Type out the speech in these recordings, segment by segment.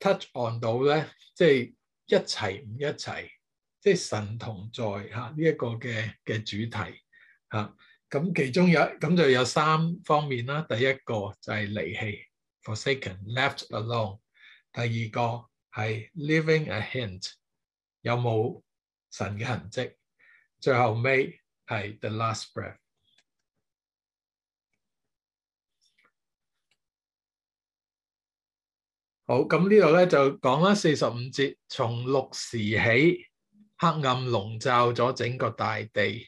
Touch on 到咧，即係一齊唔一齊，即係神同在吓呢一個嘅嘅主題吓。咁其中有咁就有三方面啦。第一個就係離棄 （forsaken, left alone），第二個係 living a hint，有冇神嘅痕跡？最後尾係 the last breath。好，咁呢度咧就講啦，四十五節，從六時起，黑暗籠罩咗整個大地，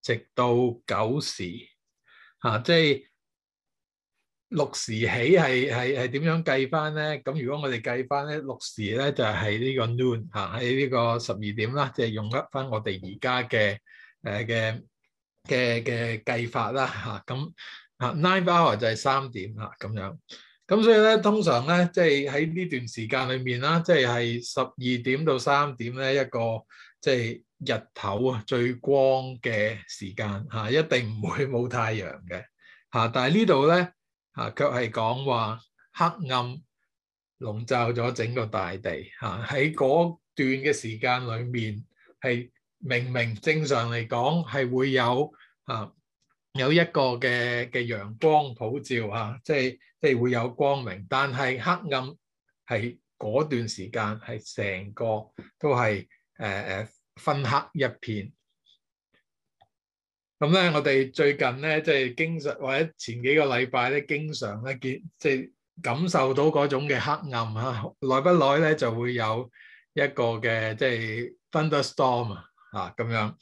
直到九時。吓、啊，即係六時起係係係點樣計翻咧？咁如果我哋計翻咧，六時咧就係、係、呢個 noon 吓、啊，喺呢個十二點啦，即、啊、係、就係、用得翻我哋而家嘅誒嘅嘅嘅計法啦吓。咁吓 nine hour 就係三點吓，咁、啊、樣。咁所以咧，通常咧，即係喺呢段時間裏面啦，即係係十二點到三點咧，一個即係、就是、日頭啊，最光嘅時間嚇，一定唔會冇太陽嘅嚇。但係呢度咧嚇，卻係講話黑暗籠罩咗整個大地嚇。喺嗰段嘅時間裏面，係明明正常嚟講係會有嚇。有一個嘅嘅陽光普照嚇，即係即係會有光明，但係黑暗係嗰段時間係成個都係誒誒昏黑一片。咁咧，我哋最近咧即係經常或者前幾個禮拜咧，經常咧見即係感受到嗰種嘅黑暗嚇。耐不耐咧就會有一個嘅即係 thunderstorm 啊咁樣。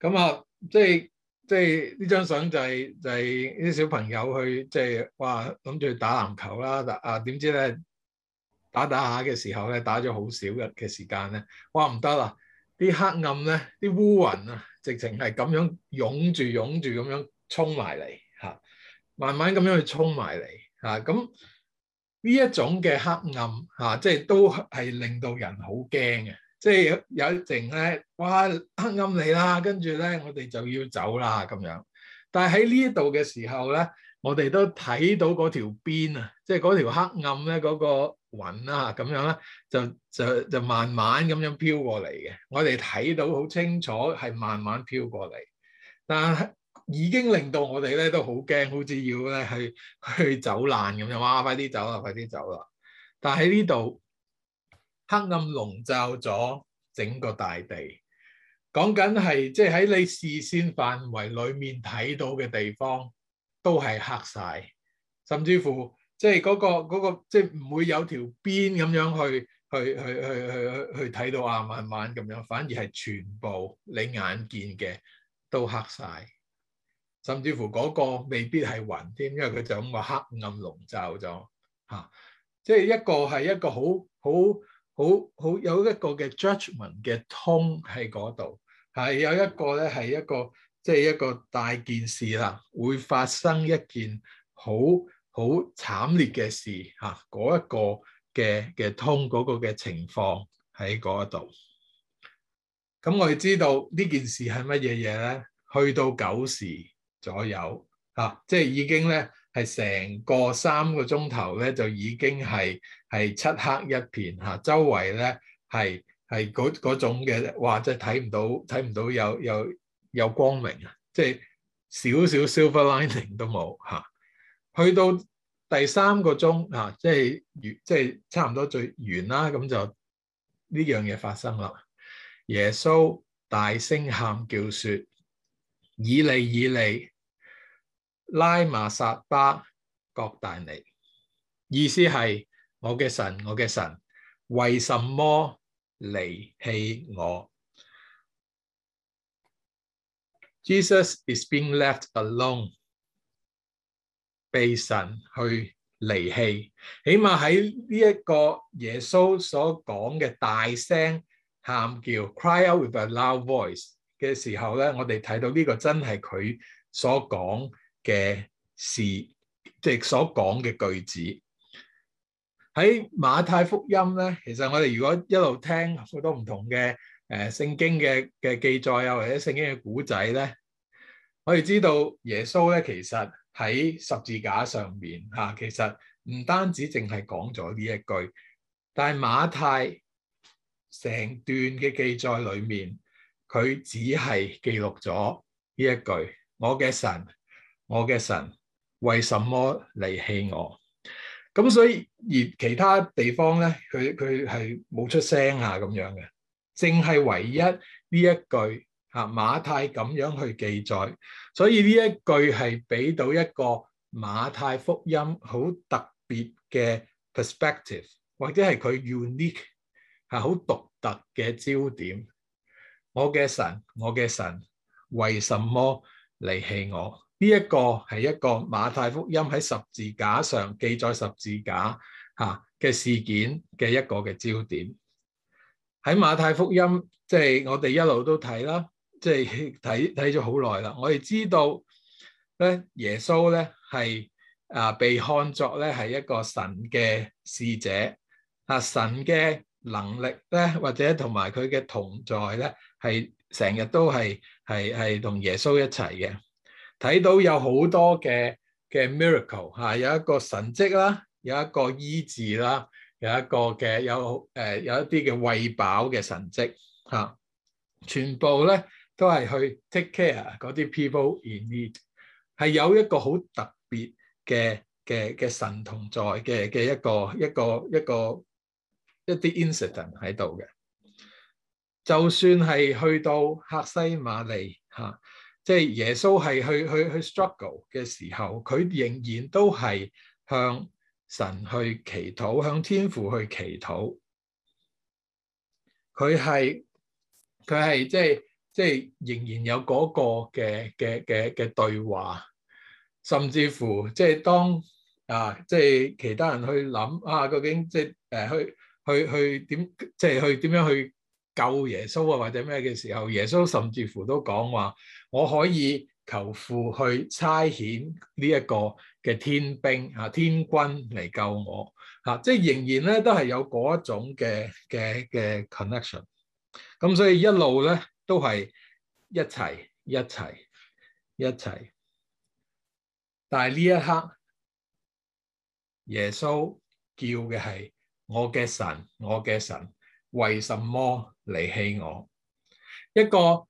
咁啊即係。即係即係呢張相就係、是、就係、是、啲小朋友去即係、就是、哇諗住打，打籃球啦，但啊點知咧打打下嘅時候咧打咗好少嘅嘅時間咧，哇唔得啦！啲黑暗咧，啲烏雲啊，直情係咁樣湧住湧住咁樣衝埋嚟吓，慢慢咁樣去衝埋嚟吓，咁、啊、呢一種嘅黑暗吓、啊，即係都係令到人好驚嘅。即係有一陣咧，哇黑暗嚟啦，跟住咧我哋就要走啦咁樣。但係喺呢一度嘅時候咧，我哋都睇到嗰條邊啊，即係嗰條黑暗咧嗰個雲啦咁樣咧，就就就慢慢咁樣飄過嚟嘅。我哋睇到好清楚係慢慢飄過嚟，但係已經令到我哋咧都好驚，好似要咧去去走難咁樣。哇！快啲走啦，快啲走啦！但係喺呢度。黑暗籠罩咗整個大地，講緊係即係喺你視線範圍裏面睇到嘅地方都係黑晒，甚至乎即係嗰個嗰個即係唔會有條邊咁樣去去去去去去睇到啊，慢慢咁樣，反而係全部你眼見嘅都黑晒，甚至乎嗰個未必係雲添，因為佢就咁個黑暗籠罩咗吓，即係一個係一個好好。好好有一個嘅 judgment 嘅通喺嗰度，係有一個咧係一個即係、就是、一個大件事啦，會發生一件好好慘烈嘅事嚇，嗰一個嘅嘅通嗰個嘅情況喺嗰度。咁我哋知道呢件事係乜嘢嘢咧？去到九時左右嚇，即、就、係、是、已經咧係成個三個鐘頭咧就已經係。係漆黑一片嚇，周圍咧係係嗰種嘅，哇！即係睇唔到睇唔到有有有光明啊！即係少少 silver lining 都冇嚇、啊。去到第三個鐘啊，即係越即係差唔多最完啦，咁就呢樣嘢發生啦。耶穌大聲喊叫說：以利以利，拉馬撒巴各大尼，意思係。我嘅神，我嘅神，為什麼離棄我？Jesus is being left alone，被神去離棄。起碼喺呢一個耶穌所講嘅大聲喊叫 （cry out with a loud voice） 嘅時候咧，我哋睇到呢個真係佢所講嘅事，即係所講嘅句子。喺馬太福音咧，其實我哋如果一路聽好多唔同嘅誒聖經嘅嘅記載啊，或者聖經嘅古仔咧，我哋知道耶穌咧，其實喺十字架上面吓，啊，其實唔單止淨係講咗呢一句，但係馬太成段嘅記載裏面，佢只係記錄咗呢一句：我嘅神，我嘅神，為什麼離棄我？咁所以而其他地方咧，佢佢係冇出聲啊咁樣嘅，淨係唯一呢一句吓馬太咁樣去記載，所以呢一句係俾到一個馬太福音好特別嘅 perspective，或者係佢 unique，係好獨特嘅焦點，我嘅神，我嘅神，為什麼嚟棄我？呢、這、一個係一個馬太福音喺十字架上記載十字架吓嘅事件嘅一個嘅焦點。喺馬太福音，即係我哋一路都睇啦，即係睇睇咗好耐啦。我哋知道咧，耶穌咧係啊被看作咧係一個神嘅使者啊，神嘅能力咧或者同埋佢嘅同在咧係成日都係係係同耶穌一齊嘅。睇到有好多嘅嘅 miracle 吓，有一個神跡啦，有一個醫治啦，有一個嘅有誒、呃、有一啲嘅餵飽嘅神跡吓，全部咧都係去 take care 嗰啲 people in need，係有一個好特別嘅嘅嘅神同在嘅嘅一個一個一個一啲 incident 喺度嘅，就算係去到客西馬尼吓。即係耶穌係去去去 struggle 嘅時候，佢仍然都係向神去祈禱，向天父去祈禱。佢係佢係即係即係仍然有嗰個嘅嘅嘅嘅對話，甚至乎即係當啊即係其他人去諗啊究竟即係誒去去去點即係去點樣去救耶穌啊或者咩嘅時候，耶穌甚至乎都講話。我可以求父去差遣呢一個嘅天兵啊天軍嚟救我，啊即係仍然咧都係有嗰一種嘅嘅嘅 connection，咁所以一路咧都係一齊一齊一齊，但係呢一刻耶穌叫嘅係我嘅神，我嘅神為什麼離棄我一個？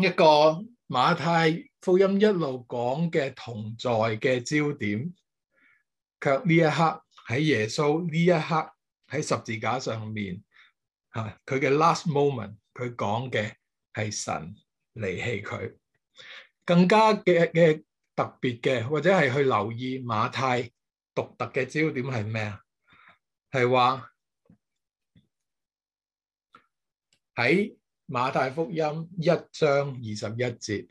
一個馬太福音一路講嘅同在嘅焦點，卻呢一刻喺耶穌呢一刻喺十字架上面，吓佢嘅 last moment，佢講嘅係神離棄佢。更加嘅嘅特別嘅，或者係去留意馬太獨特嘅焦點係咩啊？係話喺。馬太福音一章二十一節，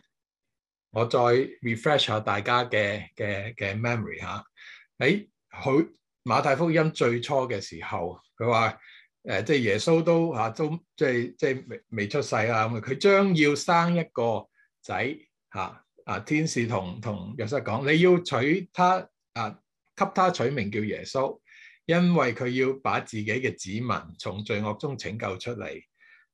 我再 refresh 下大家嘅嘅嘅 memory 吓、哎。馬太福音最初嘅時候，佢話誒，即係耶穌都吓，都即係即係未未出世啦。咁佢將要生一個仔吓，啊天使同同約瑟講，你要娶他啊，給他取名叫耶穌，因為佢要把自己嘅子民從罪惡中拯救出嚟。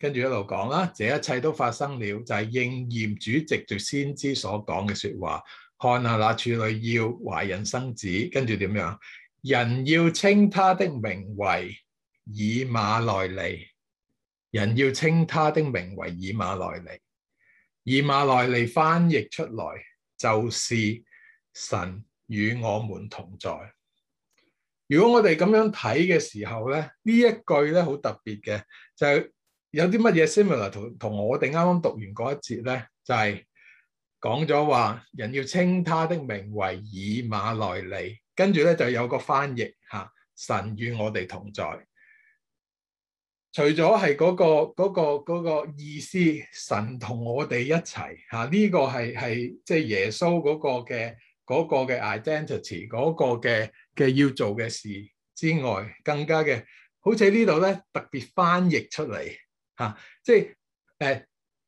跟住一路講啦，這一切都發生了，就係、是、應驗主藉着先知所講嘅説話。看下那處女要懷孕生子，跟住點樣？人要稱他的名為以馬內利。人要稱他的名為以馬內利。以馬內利翻譯出來就是神與我們同在。如果我哋咁樣睇嘅時候咧，呢一句咧好特別嘅就係、是。有啲乜嘢 similar 同同我哋啱啱讀完嗰一節咧，就係講咗話人要稱他的名為以馬內利，跟住咧就有個翻譯嚇，神與我哋同在。除咗係嗰個嗰個嗰個意思，神同我哋一齊嚇，呢個係係即係耶穌嗰個嘅嗰個嘅 identity 嗰個嘅嘅要做嘅事之外，更加嘅好似呢度咧特別翻譯出嚟。啊，即係誒，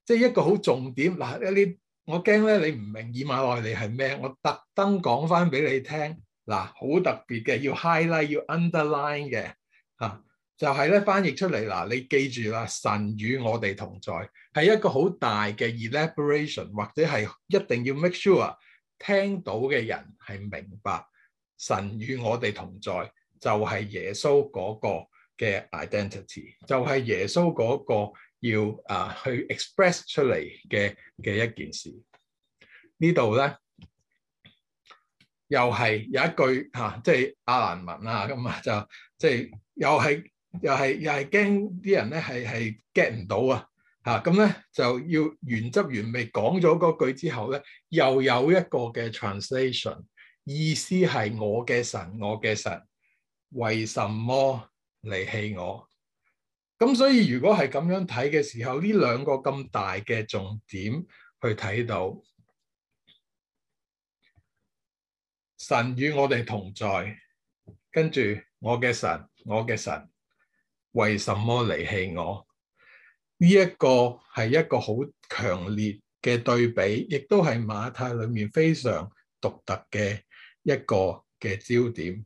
即係一個好重點嗱，一啲我驚咧你唔明以馬內利係咩，我特登講翻俾你聽，嗱，好特別嘅，要 highlight，要 underline 嘅，吓，就係咧翻譯出嚟嗱，你記住啦，神與我哋同在係一個好大嘅 elaboration，或者係一定要 make sure 聽到嘅人係明白神與我哋同在就係耶穌嗰個。嘅 identity 就係耶穌嗰個要啊去 express 出嚟嘅嘅一件事，這裡呢度咧又係有一句吓，即、啊、係、就是、亞蘭文啊，咁啊就即係、就是、又係又係又係驚啲人咧係係 get 唔到啊吓咁咧就要原汁原味講咗嗰句之後咧，又有一個嘅 translation 意思係我嘅神，我嘅神為什麼？離棄我，咁所以如果係咁樣睇嘅時候，呢兩個咁大嘅重點去睇到，神與我哋同在，跟住我嘅神，我嘅神，為什麼離棄我？呢一個係一個好強烈嘅對比，亦都係馬太裏面非常獨特嘅一個嘅焦點。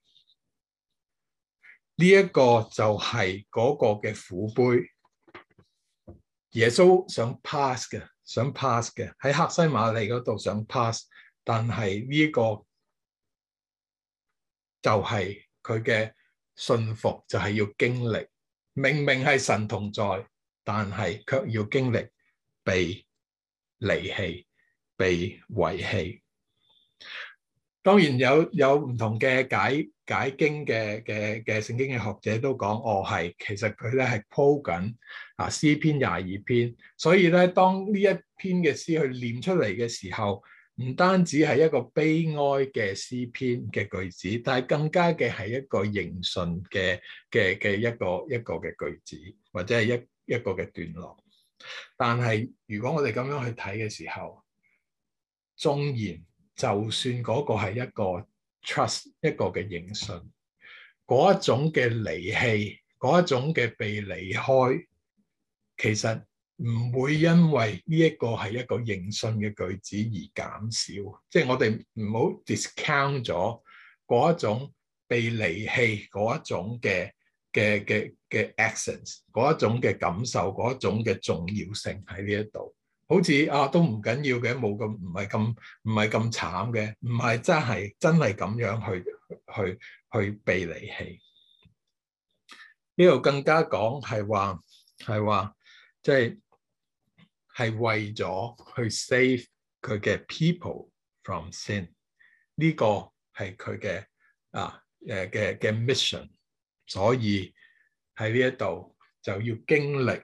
呢、這、一個就係嗰個嘅苦杯，耶穌想 pass 嘅，想 pass 嘅，喺客西馬尼嗰度想 pass，但係呢個就係佢嘅信服，就係、是、要經歷，明明係神同在，但係卻要經歷被離棄、被遺棄。當然有有唔同嘅解解經嘅嘅嘅聖經嘅學者都講，哦係，其實佢咧係鋪緊啊詩篇廿二篇，所以咧當呢一篇嘅詩去念出嚟嘅時候，唔單止係一個悲哀嘅詩篇嘅句子，但係更加嘅係一個認信嘅嘅嘅一個一個嘅句子或者係一一個嘅段落。但係如果我哋咁樣去睇嘅時候，忠言。就算嗰個係一個 trust 一個嘅應信，嗰一種嘅離棄，嗰一種嘅被離開，其實唔會因為呢一個係一個應信嘅句子而減少。即係我哋唔好 discount 咗嗰一種被離棄嗰一種嘅嘅嘅嘅 actions，嗰一種嘅感受，嗰一種嘅重要性喺呢一度。好似啊，都唔緊要嘅，冇咁唔係咁唔係咁慘嘅，唔係真係真係咁樣去去去被離棄。呢度更加講係話係話即係係為咗去 save 佢嘅 people from sin。呢個係佢嘅啊誒嘅嘅 mission。所以喺呢一度就要經歷。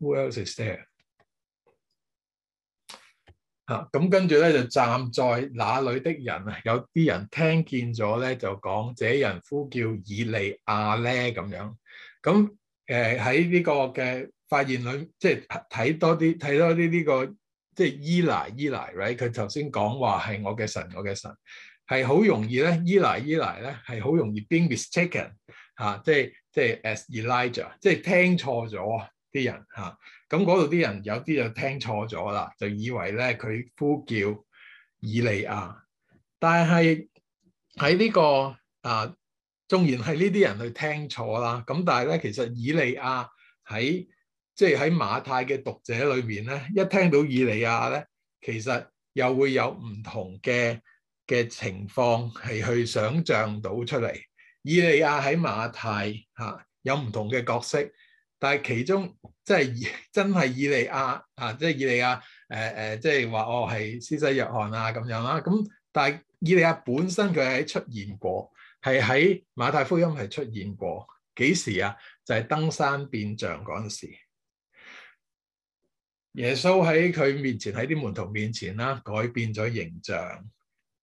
Who else is there？嚇，咁跟住咧就站在那裡的人啊，有啲人聽見咗咧就講：這人呼叫以利亞咧咁樣。咁誒喺呢個嘅發現裏，即係睇多啲，睇多啲呢個即係 Eli、Eli。Right，佢頭先講話係我嘅神，我嘅神係好容易咧，Eli、Eli 咧係好容易 being mistaken，嚇，即係即係 as Elijah，即係聽錯咗。啲人嚇，咁嗰度啲人有啲就聽錯咗啦，就以為咧佢呼叫以利亞，但係喺呢個啊，縱然係呢啲人去聽錯啦，咁但係咧，其實以利亞喺即係喺馬太嘅讀者裏邊咧，一聽到以利亞咧，其實又會有唔同嘅嘅情況係去想像到出嚟。以利亞喺馬太嚇，啊，有唔同嘅角色。但係其中即係真係以利亞啊，即係以利亞誒誒、呃呃，即係話我係施洗約翰啊咁樣啦。咁但係以利亞本身佢喺出現過，係喺馬太福音係出現過。幾時啊？就係、是、登山變像嗰陣時，耶穌喺佢面前喺啲門徒面前啦，改變咗形象，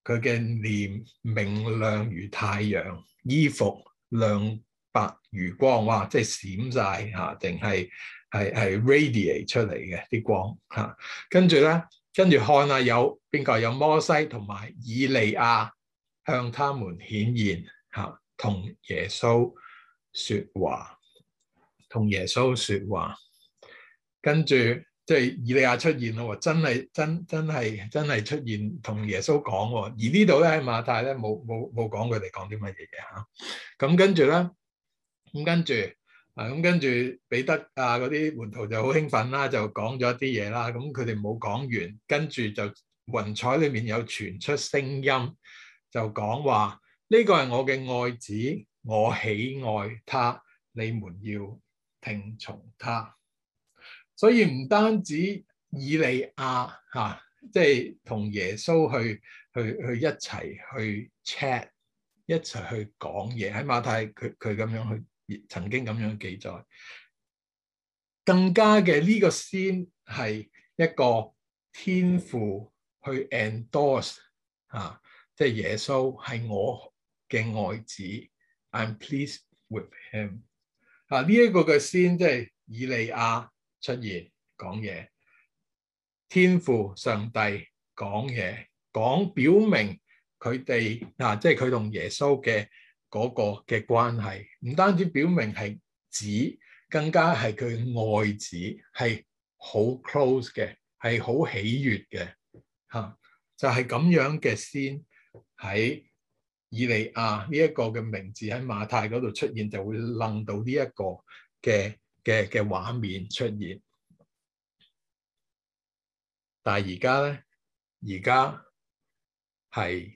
佢嘅臉明亮如太陽，衣服亮白如光，哇，即係閃晒，嚇、啊，定係係係 radiate 出嚟嘅啲光嚇、啊。跟住咧，跟住看下有邊個，有摩西同埋以利亞向他們顯現，嚇，同、啊、耶穌説話，同耶穌説話。跟住即係以利亞出現咯，真係真真係真係出現同耶穌講喎。而呢度咧，喺馬太咧冇冇冇講佢哋講啲乜嘢嘢嚇。咁、啊、跟住咧。咁跟住，啊，咁跟住彼得啊，嗰啲門徒就好興奮啦，就講咗一啲嘢啦。咁佢哋冇講完，跟住就雲彩裏面有傳出聲音，就講話呢個係我嘅愛子，我喜愛他，你們要聽從他。所以唔單止以利亞吓，即係同耶穌去去去一齊去 chat，一齊去講嘢喺馬太佢佢咁樣去。曾經咁樣記載，更加嘅呢個先係一個天父去 endorse 啊，即係耶穌係我嘅愛子。I'm pleased with him。啊，呢一個嘅先即係以利亞出現講嘢，天父上帝講嘢，講表明佢哋啊，即係佢同耶穌嘅。嗰、那個嘅關係，唔單止表明係子，更加係佢愛子，係好 close 嘅，係好喜悅嘅嚇，就係、是、咁樣嘅先喺以利亞呢一個嘅名字喺馬太嗰度出現，就會楞到呢一個嘅嘅嘅畫面出現。但係而家咧，而家係。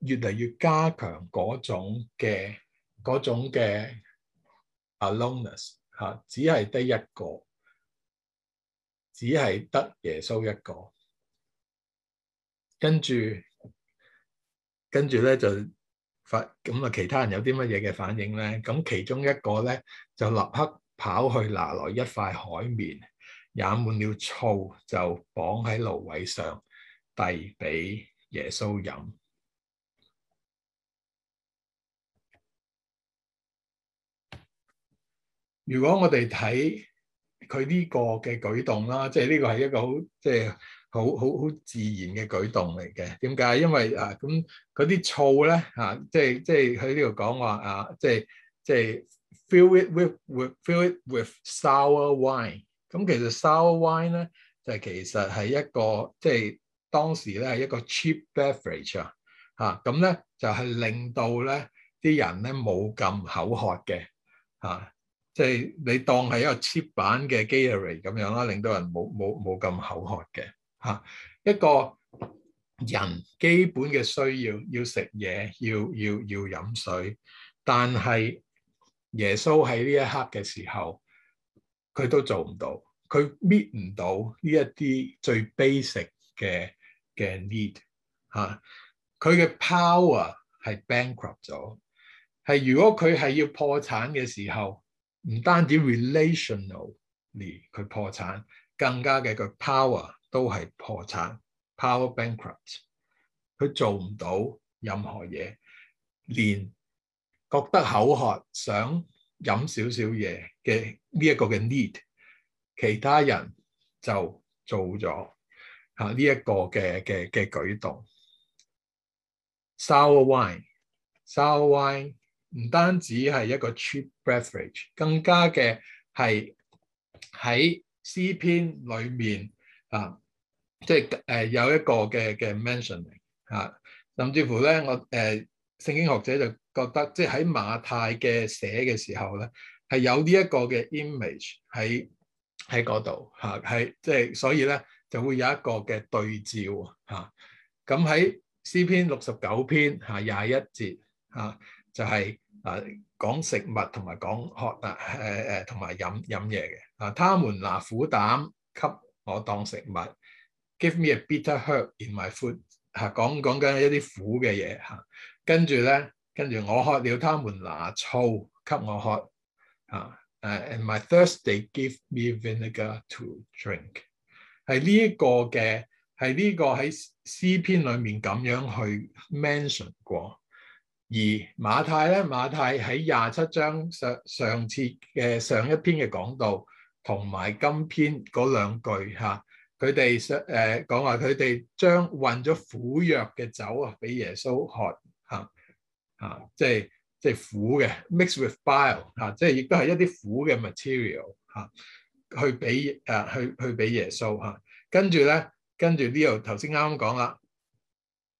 越嚟越加強嗰種嘅嗰種嘅 aloneness 吓，只係得一個，只係得耶穌一個。跟住跟住咧就發咁啊，其他人有啲乜嘢嘅反應咧？咁其中一個咧就立刻跑去拿來一塊海綿，染滿了醋，就綁喺蘆葦上遞俾耶穌飲。如果我哋睇佢呢個嘅舉動啦，即係呢個係一個好即係好好好自然嘅舉動嚟嘅。點解？因為啊，咁嗰啲醋咧嚇，即係即係佢呢度講話啊，即係即係 fill it with, with fill it with sour wine。咁其實 sour wine 咧就係、其實係一個即係、就係、當時咧係一個 cheap beverage 啊嚇。咁咧就係、係、令到咧啲人咧冇咁口渴嘅嚇。啊即係你當係一個切板嘅 g a r y 咁樣啦，令到人冇冇冇咁口渴嘅嚇。一個人基本嘅需要要食嘢，要要要飲水，但係耶穌喺呢一刻嘅時候，佢都做唔到，佢 meet 唔到呢一啲最 basic 嘅嘅 need 嚇。佢嘅 power 係 bankrupt 咗，係如果佢係要破產嘅時候。唔單止 relationally 佢破產，更加嘅佢 power 都係破產，power bankrupt。佢做唔到任何嘢，連覺得口渴想飲少少嘢嘅呢一個嘅 need，其他人就做咗嚇呢一個嘅嘅嘅舉動。Sour wine，sour wine。Wine, 唔單止係一個 cheap beverage，更加嘅係喺詩篇裏面啊，即係誒有一個嘅嘅 mentioning 啊，甚至乎咧我誒、呃、聖經學者就覺得，即係喺馬太嘅寫嘅時候咧，係有呢一個嘅 image 喺喺嗰度吓，係即係所以咧就會有一個嘅對照吓。咁、啊、喺詩篇六十九篇吓廿一節吓。啊就係、是、啊，講食物同埋講喝啊同埋、啊啊啊、飲飲嘢嘅啊，他們拿苦膽給我當食物，give me a bitter herb in my food 嚇、啊，講講緊一啲苦嘅嘢。跟住咧，跟住我喝了，他們拿醋給我喝、啊、and my thirst they give me vinegar to drink。係呢一個嘅，係呢個喺詩篇裏面咁樣去 mention 過。而馬太咧，馬太喺廿七章上上次嘅上一篇嘅講道，同埋今篇嗰兩句嚇，佢哋誒講話佢哋將混咗苦藥嘅酒啊，俾耶穌喝嚇嚇，即係即係苦嘅，mixed with bile 嚇，即係亦都係一啲苦嘅 material 嚇，去俾、啊、去去俾耶穌嚇，跟住咧，跟、啊、住呢度頭先啱啱講啦。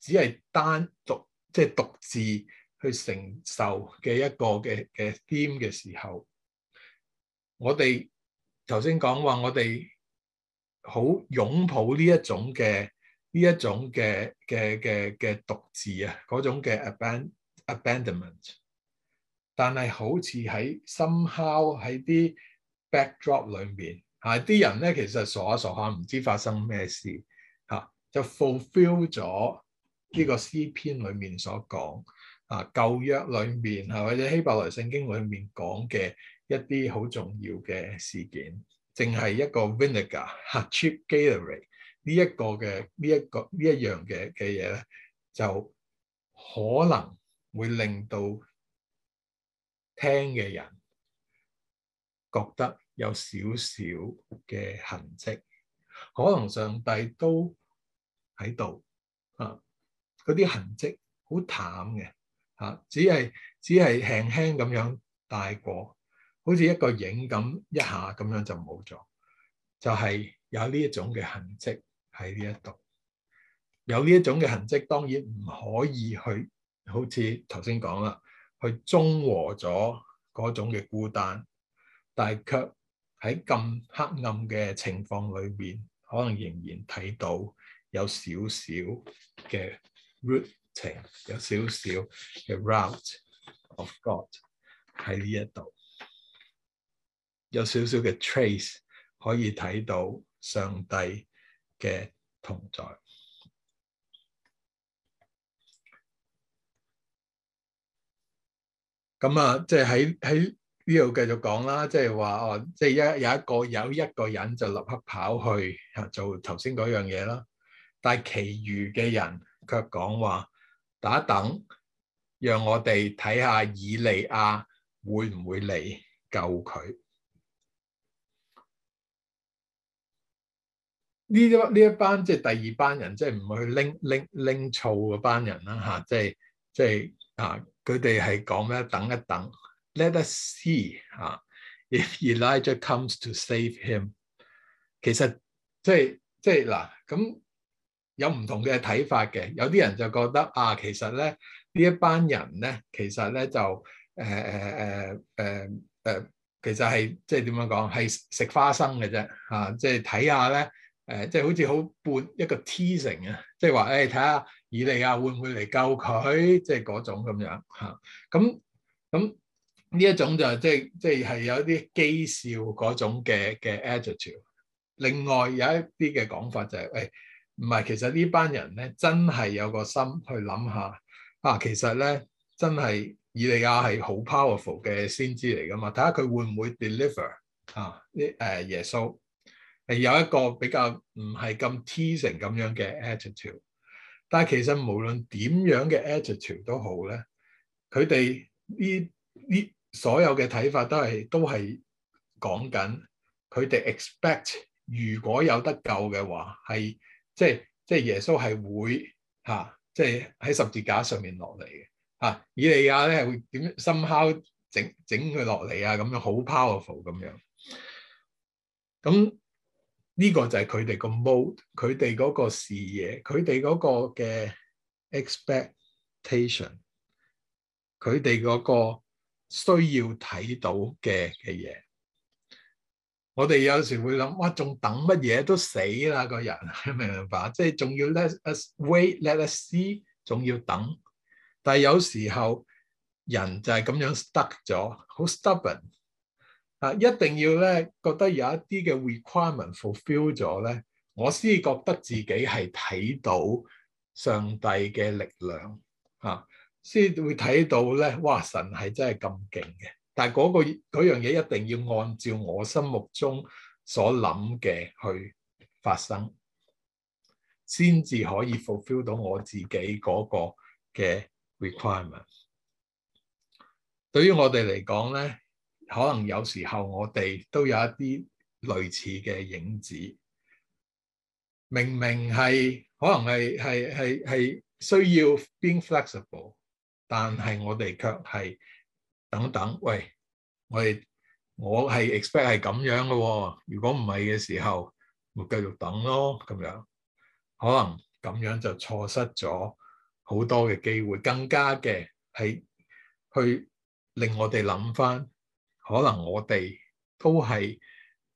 只係單獨即係、就是、獨自去承受嘅一個嘅嘅 theme 嘅時候，我哋頭先講話，我哋好擁抱呢一種嘅呢一種嘅嘅嘅嘅獨自啊嗰種嘅 abandonment，但係好似喺 somehow 喺啲 backdrop 裏面嚇啲、啊、人咧其實傻下、啊、傻下、啊、唔知發生咩事嚇、啊、就 fulfil 咗。呢個詩篇裏面所講啊，舊約裏面，係或者希伯來聖經裏面講嘅一啲好重要嘅事件，淨係一個 vinegar 啊，cheap gallery 呢一個嘅呢一個呢一樣嘅嘅嘢咧，就可能會令到聽嘅人覺得有少少嘅痕跡，可能上帝都喺度啊～嗰啲痕跡好淡嘅，嚇，只係只係輕輕咁樣帶過，好似一個影咁一下咁樣就冇咗，就係有呢一種嘅痕跡喺呢一度，有呢一種嘅痕跡，當然唔可以去，好似頭先講啦，去中和咗嗰種嘅孤單，但係卻喺咁黑暗嘅情況裏面，可能仍然睇到有少少嘅。rooting 有少少嘅 route of God 喺呢一度，有少少嘅 trace 可以睇到上帝嘅同在。咁啊，即係喺喺呢度繼續講啦，即係話哦，即係一有一個有一個人就立刻跑去啊做頭先嗰樣嘢啦，但係其餘嘅人。佢講話打等，讓我哋睇下以利亞會唔會嚟救佢。呢一呢一班即係第二班人，即係唔去拎拎拎醋嗰班人啦吓、啊，即係即係啊，佢哋係講咩？等一等，Let us see 啊，if Elijah comes to save him。其實即係即係嗱咁。啊有唔同嘅睇法嘅，有啲人就覺得啊，其實咧呢一班人咧，其實咧就誒誒誒誒誒，其實係即係點樣講，係食花生嘅啫嚇，即係睇下咧誒，即係好似好半一個 testing 啊，即係話誒，睇下以利亞會唔會嚟救佢，即係嗰種咁樣嚇。咁咁呢一種就即係即係係有啲譏笑嗰種嘅嘅 adjective。另外有一啲嘅講法就係、是、誒。哎唔係，其實呢班人咧，真係有個心去諗下啊！其實咧，真係以利亞係好 powerful 嘅先知嚟㗎嘛，睇下佢會唔會 deliver 啊？啲誒耶穌係有一個比較唔係咁 teasing 咁樣嘅 attitude，但係其實無論點樣嘅 attitude 都好咧，佢哋呢呢所有嘅睇法都係都係講緊佢哋 expect 如果有得救嘅話係。即係即係耶穌係會吓、啊、即係喺十字架上面落嚟嘅吓，以利亞咧係係會點樣 somehow 整整佢落嚟啊，咁樣好 powerful 咁樣咁呢、這個就係佢哋個 mode，佢哋個視野，佢哋個嘅 expectation，佢哋個需要睇到嘅嘅嘢。我哋有時會諗，哇！仲等乜嘢都死啦，個人明唔明白？即係仲要咧，啊，let us wait，let us see，仲要等。但係有時候人就係咁樣 stuck 咗，好 stubborn 啊！一定要咧覺得有一啲嘅 requirement fulfill 咗咧，我先覺得自己係睇到上帝嘅力量嚇，先會睇到咧，哇！神係真係咁勁嘅。但係嗰個、嗰樣嘢一定要按照我心目中所諗嘅去發生，先至可以 fulfill 到我自己嗰個嘅 requirement。對於我哋嚟講咧，可能有時候我哋都有一啲類似嘅影子。明明係可能係係係係需要 being flexible，但係我哋卻係。等等，喂，我哋我係 expect 係咁樣嘅，如果唔係嘅時候，咪繼續等咯，咁樣可能咁樣就錯失咗好多嘅機會，更加嘅係去令我哋諗翻，可能我哋都係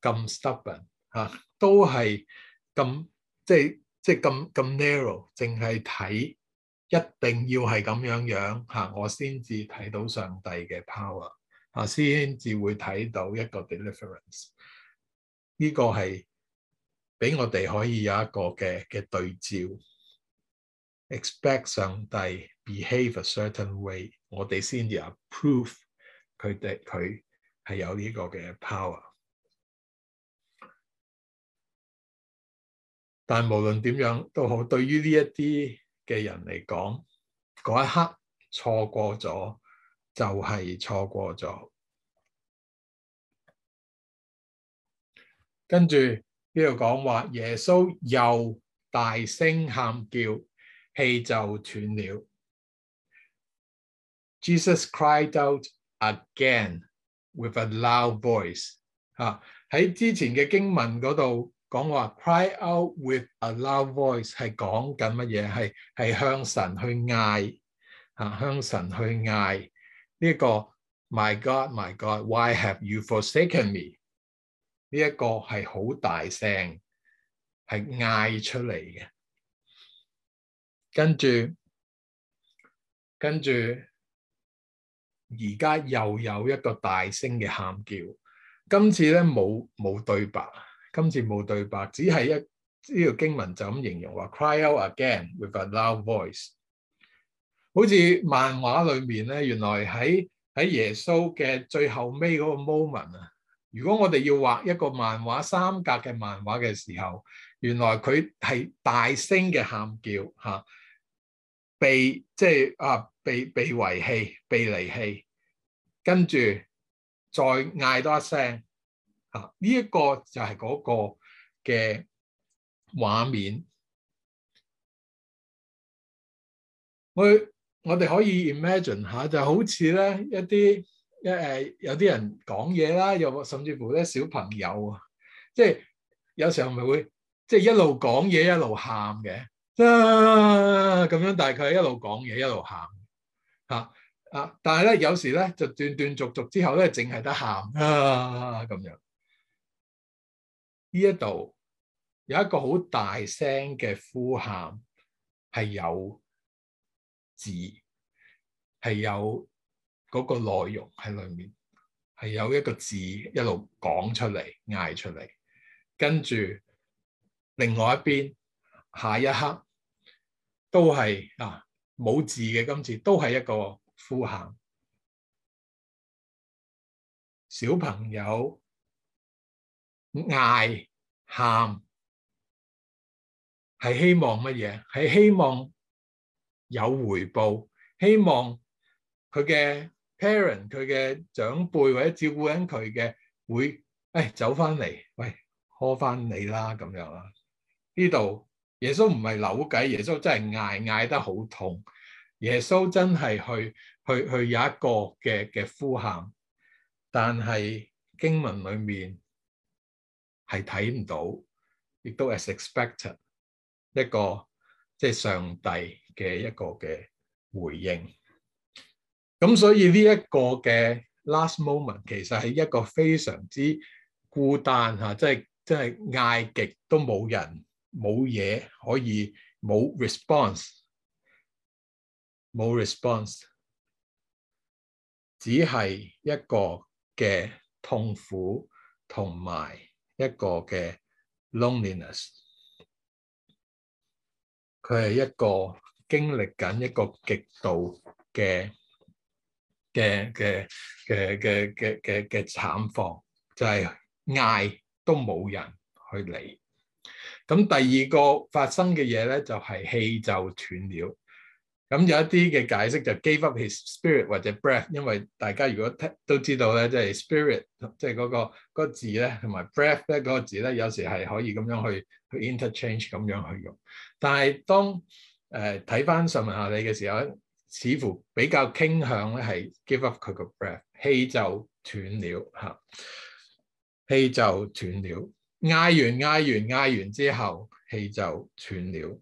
咁 stubborn 吓，都係咁即係即係咁咁 narrow，淨係睇。一定要係咁樣樣嚇，我先至睇到上帝嘅 power，啊，先至會睇到一個 deliverance。呢個係俾我哋可以有一個嘅嘅對照。Expect 上帝 behave a certain way，我哋先至 approve 佢哋佢係有呢個嘅 power。但無論點樣都好，對於呢一啲，嘅人嚟講，嗰一刻錯過咗就係錯過咗。跟住呢度講話，耶穌又大聲喊叫，氣就斷了。Jesus cried out again with a loud voice。啊，喺之前嘅經文嗰度。講話 cry out with a loud voice 係講緊乜嘢？係係向神去嗌啊，向神去嗌呢一個。My God, my God, why have you forsaken me？呢一個係好大聲，係嗌出嚟嘅。跟住，跟住，而家又有一個大聲嘅喊叫。今次咧冇冇對白。今次冇對白，只係一呢、呢個經文就咁形容話：Cry out again with a loud voice。好似漫畫裏面咧，原來喺喺耶穌嘅最後尾嗰個 moment 啊。如果我哋要畫一個漫畫三格嘅漫畫嘅時候，原來佢係大聲嘅喊叫、啊、被即係、即係、啊被被遺棄、被離棄，跟住再嗌多一聲。啊！呢、這、一個就係嗰個嘅畫面。我我哋可以 imagine 下，就好似咧一啲一誒有啲人講嘢啦，又甚至乎咧小朋友，啊，即係有時候咪會即係、就是、一路講嘢一路喊嘅，咁、啊、樣大概一路講嘢一路喊嚇啊！但係咧有時咧就斷斷續續之後咧，淨係得喊啊咁樣。呢一度有一個好大聲嘅呼喊，係有字，係有嗰個內容喺裏面，係有一個字一路講出嚟、嗌出嚟，跟住另外一邊下一刻都係啊冇字嘅，今次都係一個呼喊，小朋友。嗌喊係希望乜嘢？係希望有回報，希望佢嘅 parent、佢嘅長輩或者照顧緊佢嘅會誒、哎、走翻嚟，喂，呵翻你啦咁樣啦。呢度耶穌唔係扭計，耶穌真係嗌嗌得好痛，耶穌真係去去去有一個嘅嘅呼喊，但係經文裏面。係睇唔到，亦都 as expected 一個即係、就是、上帝嘅一個嘅回應。咁所以呢一個嘅 last moment 其實係一個非常之孤單嚇，即係即係嗌極都冇人冇嘢可以冇 response，冇 response，只係一個嘅痛苦同埋。一個嘅 loneliness，佢係一個經歷緊一個極度嘅嘅嘅嘅嘅嘅嘅嘅慘況，就係、是、嗌都冇人去理。咁第二個發生嘅嘢咧，就係、是、氣就斷了。咁有一啲嘅解釋就 gave up his spirit 或者 breath，因為大家如果聽都知道咧，即、就、係、是、spirit 即係嗰個、嗰個字咧，同埋 breath 咧嗰、嗰個字咧，有時係可以咁樣去去 interchange 咁樣去用。但係當睇翻、呃、上文下理嘅時候，似乎比較傾向咧係 give up 佢個 breath，氣就斷了嚇，氣就斷了，嗌完嗌完嗌完之後，氣就斷了。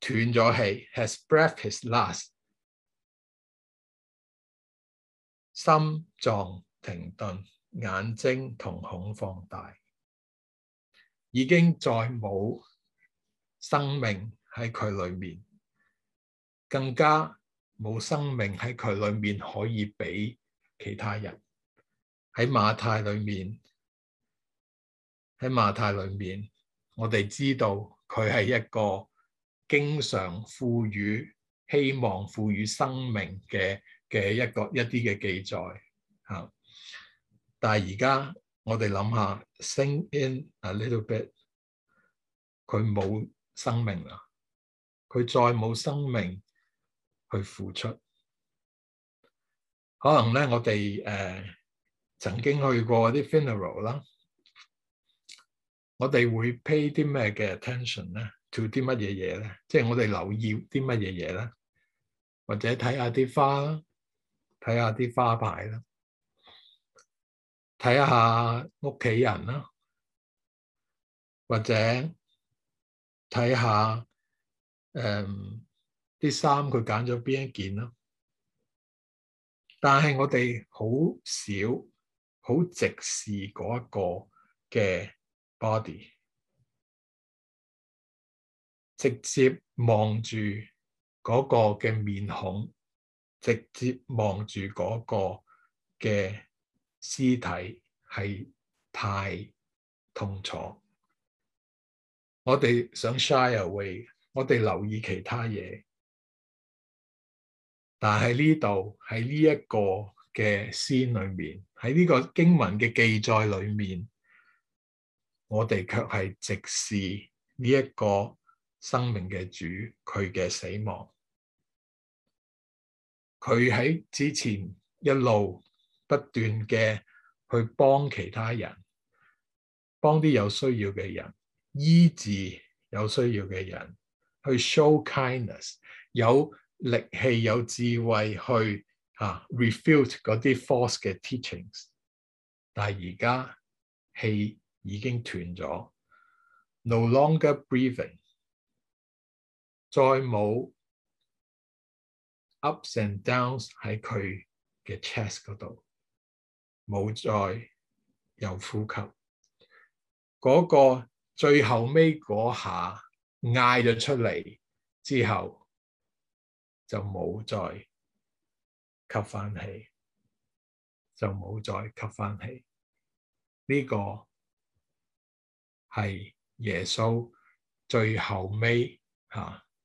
斷咗氣，has breathed his last，心臟停頓，眼睛瞳孔放大，已經再冇生命喺佢裏面，更加冇生命喺佢裏面可以俾其他人。喺馬太裏面，喺馬太裏面，我哋知道佢係一個。經常賦予希望、賦予生命嘅嘅一個一啲嘅記載吓，但係而家我哋諗下，Sing in a little bit，佢冇生命啦，佢再冇生命去付出，可能咧我哋誒、呃、曾經去過啲 funeral 啦，我哋會 pay 啲咩嘅 attention 咧？做啲乜嘢嘢咧？即係我哋留意啲乜嘢嘢咧？或者睇下啲花啦，睇下啲花牌啦，睇下屋企人啦，或者睇下誒啲衫佢揀咗邊一件啦。但係我哋好少好直視嗰一個嘅 body。直接望住嗰個嘅面孔，直接望住嗰個嘅屍體係太痛楚。我哋想 shy away，我哋留意其他嘢，但係呢度喺呢一個嘅詩裏面，喺呢個經文嘅記載裏面，我哋卻係直視呢一個。生命嘅主，佢嘅死亡，佢喺之前一路不斷嘅去幫其他人，幫啲有需要嘅人，醫治有需要嘅人，去 show kindness，有力氣有智慧去吓 refute 嗰啲 false 嘅 teachings，但係而家氣已經斷咗，no longer breathing。再冇 ups and downs 喺佢嘅 chest 嗰度，冇再有呼吸。嗰個最後尾嗰下嗌咗出嚟之後，就冇再吸翻氣，就冇再吸翻氣。呢個係耶穌最後尾吓。